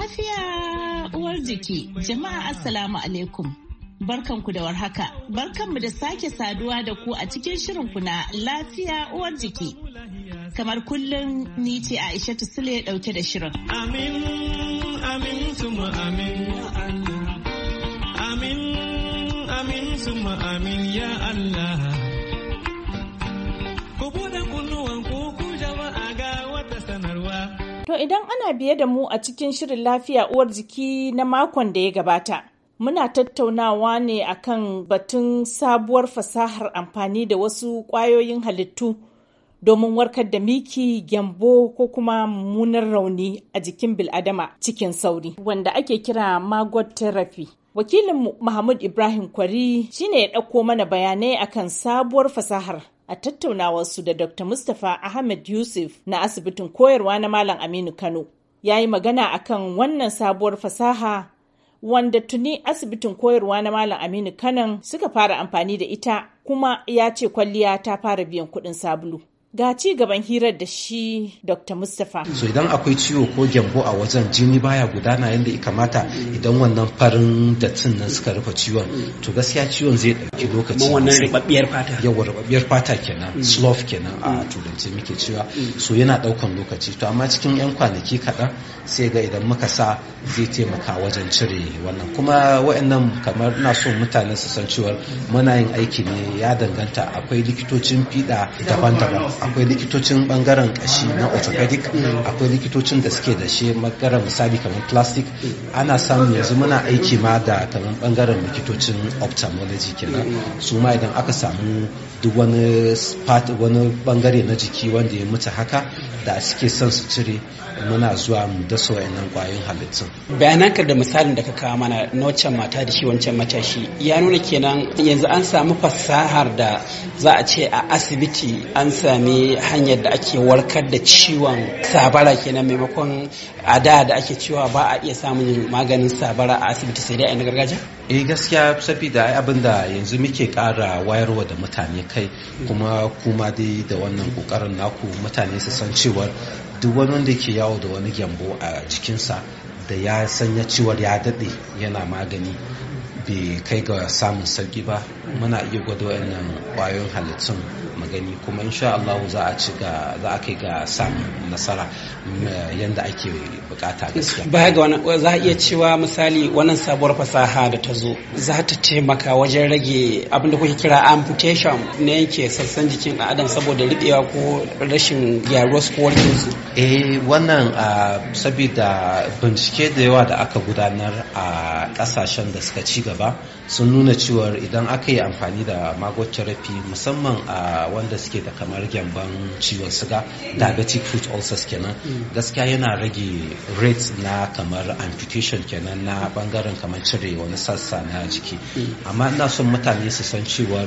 Lafiya uwar jiki, jama'a Assalamu alaikum. Barkanku da warhaka, barkanmu da sake saduwa da ku a cikin shirin na lafiya uwar jiki. Kamar kullum ni ce Aisha Sule dauke da shirin. Amin, amin, suma amin, Amin, amin, suma amin, ya Allah. To idan ana biye da mu a cikin shirin lafiya uwar jiki na makon da ya gabata, muna tattaunawa ne akan batun sabuwar fasahar amfani da wasu kwayoyin halittu domin warkar da miki, gyambo ko kuma mummunar rauni a jikin bil'adama cikin sauri, wanda ake kira magot therapy. Wakilinmu Mahmud Ibrahim Kwari shine ya ɗauko mana bayanai akan sabuwar fasahar a tattaunawarsu da Dr. Mustapha Ahmed Yusuf na asibitin koyarwa na Malam Aminu Kano. Ya yi magana a kan wannan sabuwar fasaha wanda tuni asibitin koyarwa na Malam Aminu Kano suka fara amfani da ita kuma ya ce kwalliya ta fara biyan kuɗin sabulu. Ga ci gaban hirar da shi Dr. Mustapha. So idan akwai ciwo ko gyambo a wajen jini baya gudana yadda ya kamata idan wannan farin dattin nan suka rufe ciwon to gaskiya ciwon zai ɗauki lokaci. Mun wannan rubabbiyar fata. Yawa rubabbiyar fata kenan mm. slough kenan a mm. turance muke cewa mm. so yana ɗaukan lokaci to amma cikin 'yan kwanaki kaɗan sai ga idan muka sa zai taimaka wajen cire wannan kuma wa'annan kamar ina so mutane su san cewa muna yin aiki ne ya danganta akwai likitocin fiɗa daban-daban akwai likitocin bangaren kashi na orthopedic akwai likitocin da suke da shi makara misali kamar plastic ana samu yanzu muna aiki ma da kamar bangaren likitocin ophthalmology kenan su ma idan aka samu duk wani wani bangare na jiki wanda ya mutu haka da suke son su cire muna zuwa mu dasa wayannan kwayoyin halittun bayananka da misalin da ka kawo mana na wancan mata da shi wancan matashi ya nuna kenan yanzu an samu fasahar da za a ce a asibiti an sami hanyar da ake warkar da ciwon sabara kenan maimakon a da da ake cewa ba a iya samun maganin sabara a asibiti sai dai a na gargajiya eh gaskiya Sabida ai da yanzu muke kara wayarwa da mutane kai kuma kuma dai da wannan kokarin naku mutane su san cewar duk wani wanda ke yawo da wani gyambo a jikinsa da ya sanya ciwar ya daɗe yana magani bai kai ga samun sauki ba muna iya gwada wayannan kwayoyin halittun gani kuma insha Allah za a ci ga za a kai ga samun nasara eh, yanda ake bukata gaskiya baya ga wannan za a iya cewa misali wannan sabuwar fasaha da ta zo za ta taimaka wajen rage abin da kuke kira amputation na yanke sassan jikin ɗan adam saboda riɗewa ko rashin gyaruwar su ko su eh wannan saboda bincike da yawa da aka gudanar a ƙasashen da suka ci gaba sun nuna cewa idan aka yi amfani da magot therapy musamman a wanda suke da kamar gyamban ciwon suga diabetic foot ulcers kenan mm. gaskiya yana rage rate na kamar amputation kenan na bangaren kamar cire wani sassa na jiki mm. amma ina son mutane su san cewar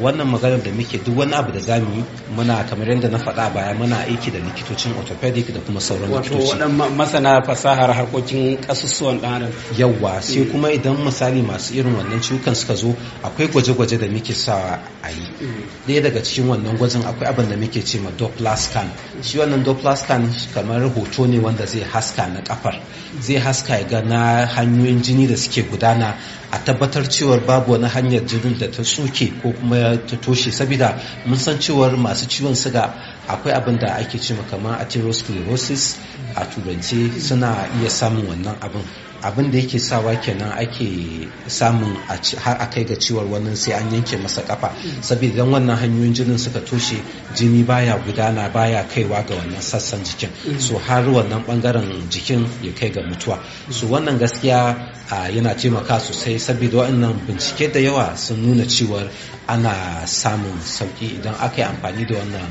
wannan maganar da muke duk wani abu da za mu yi muna kamar yadda na faɗa baya muna aiki da likitocin orthopedic da kuma sauran likitoci wato wannan masana fasahar harkokin kasusuwan ɗan adam yawa sai mm. kuma idan misali masu irin wannan ciwukan suka zo akwai gwaje-gwaje da muke sa a yi mm. ɗaya daga cikin wannan gwajin akwai abin da muke ce ma doppler scan shi wannan doppler scan kamar hoto ne wanda zai haska na kafar zai haska ya ga na hanyoyin jini da suke gudana a tabbatar cewar babu wani hanyar jinin da ta soke ko kuma ta toshe saboda mun san cewar masu ciwon suga akwai abin da ake ce kamar atherosclerosis a turance suna iya samun wannan abin abin da yake sawa kenan ake samun har a kai ga ciwon wannan sai an yanke masa kafa saboda don wannan hanyoyin jinin suka toshe jini baya gudana baya kaiwa ga wannan sassan jikin so har wannan bangaren jikin ya kai ga mutuwa so wannan gaskiya yana taimaka sosai saboda waɗannan bincike da yawa sun nuna cewar ana samun sauki idan aka yi amfani da wannan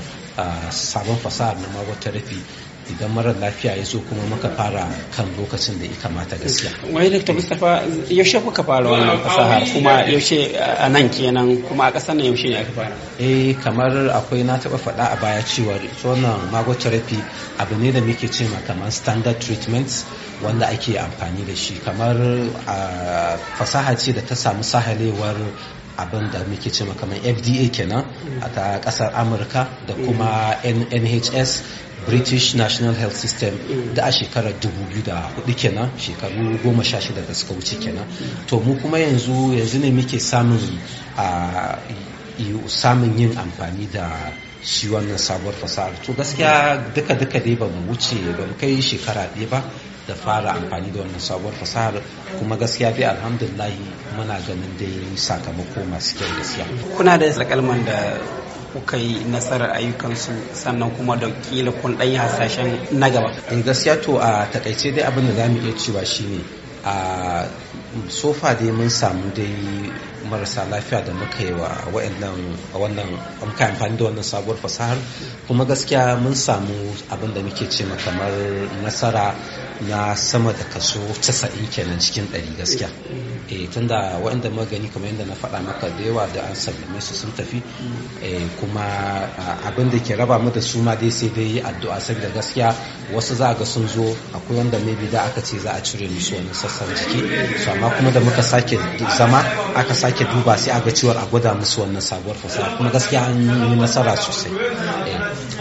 sabon fasahar na magon rafi. idan mara lafiya ya zo kuma maka fara kan lokacin da ya kamata gaskiya. Wai Dr. Mustapha yaushe kuka fara wannan fasahar kuma yaushe a nan kenan kuma a ƙasar nan yaushe ne aka fara? Eh kamar akwai na taɓa faɗa a baya cewa wannan mago therapy abu ne da muke cewa kamar standard treatment wanda ake amfani da shi kamar fasaha ce da ta samu sahalewar abin da muke cewa kamar fda kenan a ta kasar amurka da kuma nhs british national health system da a shekarar 2004 kenan shekaru goma sha shida da suka wuce kenan to mu kuma yanzu yanzu ne muke samun a samun yin amfani da shi wannan sabuwar fasahar to gaskiya duka duka dai ba mu wuce ba mu kai shekara ɗaya ba da fara amfani da wannan sabuwar fasahar kuma gaskiya dai alhamdulillah muna ganin dai sakamako masu kyau gaskiya kuna da alƙalman da kuka yi nasarar ayyukansu sannan kuma da kila kun ɗanyi hasashen na gaba. In gaskiya to a takaice dai abin da za mu iya cewa shi ne a sofa dai mun samu dai marasa lafiya da muka yi wa wa'annan wannan muka amfani da wannan sabuwar fasahar kuma gaskiya mun samu abin da muke ce kamar nasara na sama da kaso 90 kenan cikin 100 gaskiya. eh tunda waɗanda magani kamar yadda na faɗa maka da yawa da an sallame su sun tafi eh, kuma abin da ke raba mu da su ma dai sai dai yi addu'a saboda gaskiya wasu za a ga sun zo akwai wanda maybe da aka ce za a cire musu wani sassan jiki su amma kuma da muka sake zama aka sake duba sai a ga cewar a gwada musu wannan sabuwar fasaha kuma gaskiya an yi nasara sosai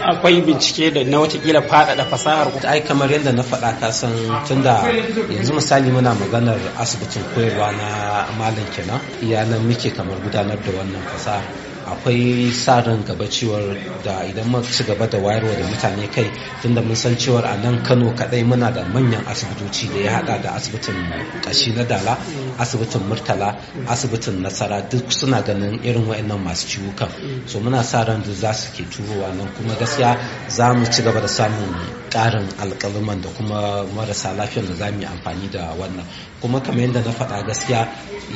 akwai bincike da na watakila faɗaɗa fasahar ku ai kamar yadda na faɗa ka san tunda yanzu misali muna maganar asibitin koyarwa na malam kenan iyalan muke kamar gudanar da wannan fasaha akwai sa ran gaba cewar da idan mun ci gaba da wayarwa da mutane kai tunda mun san cewar a nan Kano kadai muna da manyan asibitoci da ya hada da asibitin kashi na dala asibitin murtala asibitin nasara duk suna ganin irin wa'annan masu ciwukan so muna sa ran da za su ke turowa nan kuma gaskiya za mu ci gaba da samun karin alƙaluman da kuma marasa lafiyar da za mu yi amfani da wannan kuma kamar yadda na faɗa gaskiya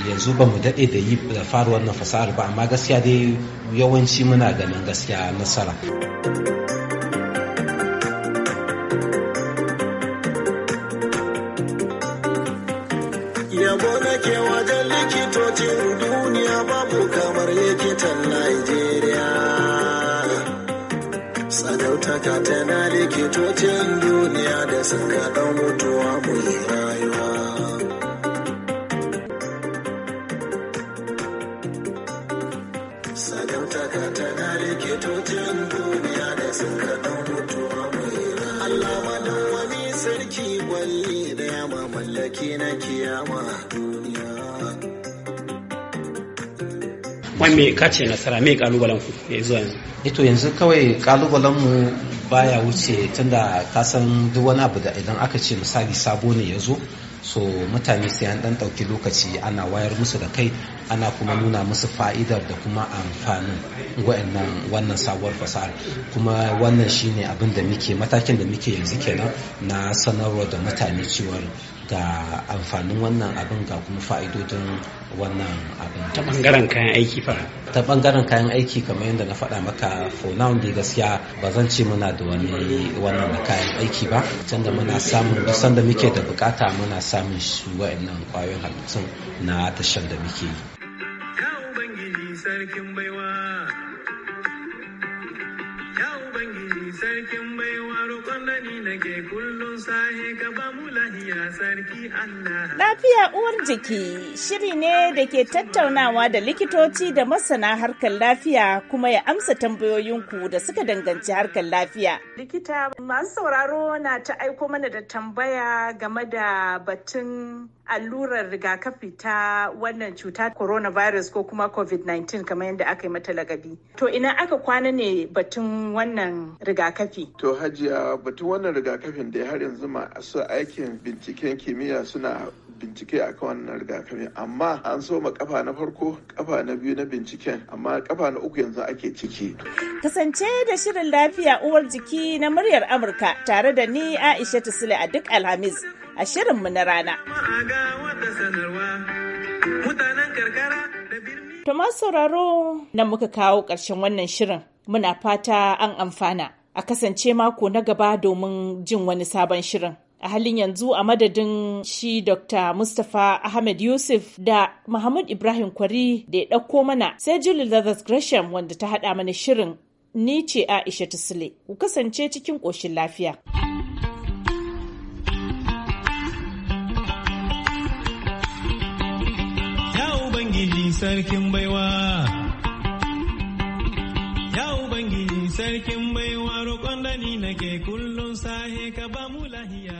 yanzu ba mu daɗe da yi da fara wannan fasahar ba amma gaskiya dai yawanci muna ganin gaskiya nasara. sadautaka tana likitocin duniya da suka ɗau mutuwa mu yi rayuwa sadautaka tana likitocin duniya da suka ɗau mutuwa mu rayuwa Allah madawwami sarki gwalli da yama mallaki na kiyama duniya wai me ka ce nasara me kalubalen ku ya zuwa yanzu ito eh yanzu kawai kalubalen mu baya wuce tunda ka san duk wani abu da idan aka ce misali sabo ne ya zo so mutane sai an dan ɗauki lokaci ana wayar musu da kai ana kuma nuna musu fa'idar da kuma amfanin wa'annan wannan sabuwar fasahar kuma wannan shine abin da muke matakin da muke yanzu kenan na sanarwa da mutane cewa ga amfanin wannan abin ga kuma fa'idodin wannan abin ta bangaren kayan aiki fa ta bangaren kayan aiki kamar yadda na faɗa maka for now dai gaskiya ba zan ce muna da wani wannan kayan aiki ba can da muna samun duk da muke da bukata muna samun su wa'annan kwayoyin halittun na tashar da muke yi sarkin baiwa Sarkin baiwa roƙon da ni nake kullum sahi ka ba mu lahiya sarki Allah. Lafiya uwar jiki shiri ne da ke tattaunawa da likitoci da masana harkar lafiya kuma ya amsa tambayoyinku da suka danganci harkar lafiya. Likita masu sauraro na ta aiko mana da tambaya game da batun allurar rigakafi ta wannan cuta coronavirus ko kuma covid-19 kamar yadda aka yi mata lagabi. To ina aka kwana ne batun wannan rigakafi? To hajiya batun wannan rigakafin da har yanzu masu aikin binciken kimiyya suna bincike a kan wannan rigakafi amma an soma kafa na farko kafa na biyu na binciken amma kafa na uku yanzu ake ciki. Kasance da shirin lafiya uwar jiki na muryar Amurka tare da ni Aisha Tusile a duk Alhamis. a shirinmu na rana. To sauraro na muka kawo ƙarshen wannan shirin muna fata an amfana a kasance mako na gaba domin jin wani sabon shirin. a halin yanzu a madadin shi Dr. Mustapha Ahmed Yusuf da Muhammad Ibrahim Kwari da ya ɗauko mana sai Julie Leathers Gresham wanda ta haɗa mana shirin ni ce Aisha Tusule ku kasance cikin ƙoshin lafiya. sarkin baiwa. Ya Ubangiji sarkin baiwa roƙon da ni nake kullum sahe ka ba mu lahiya.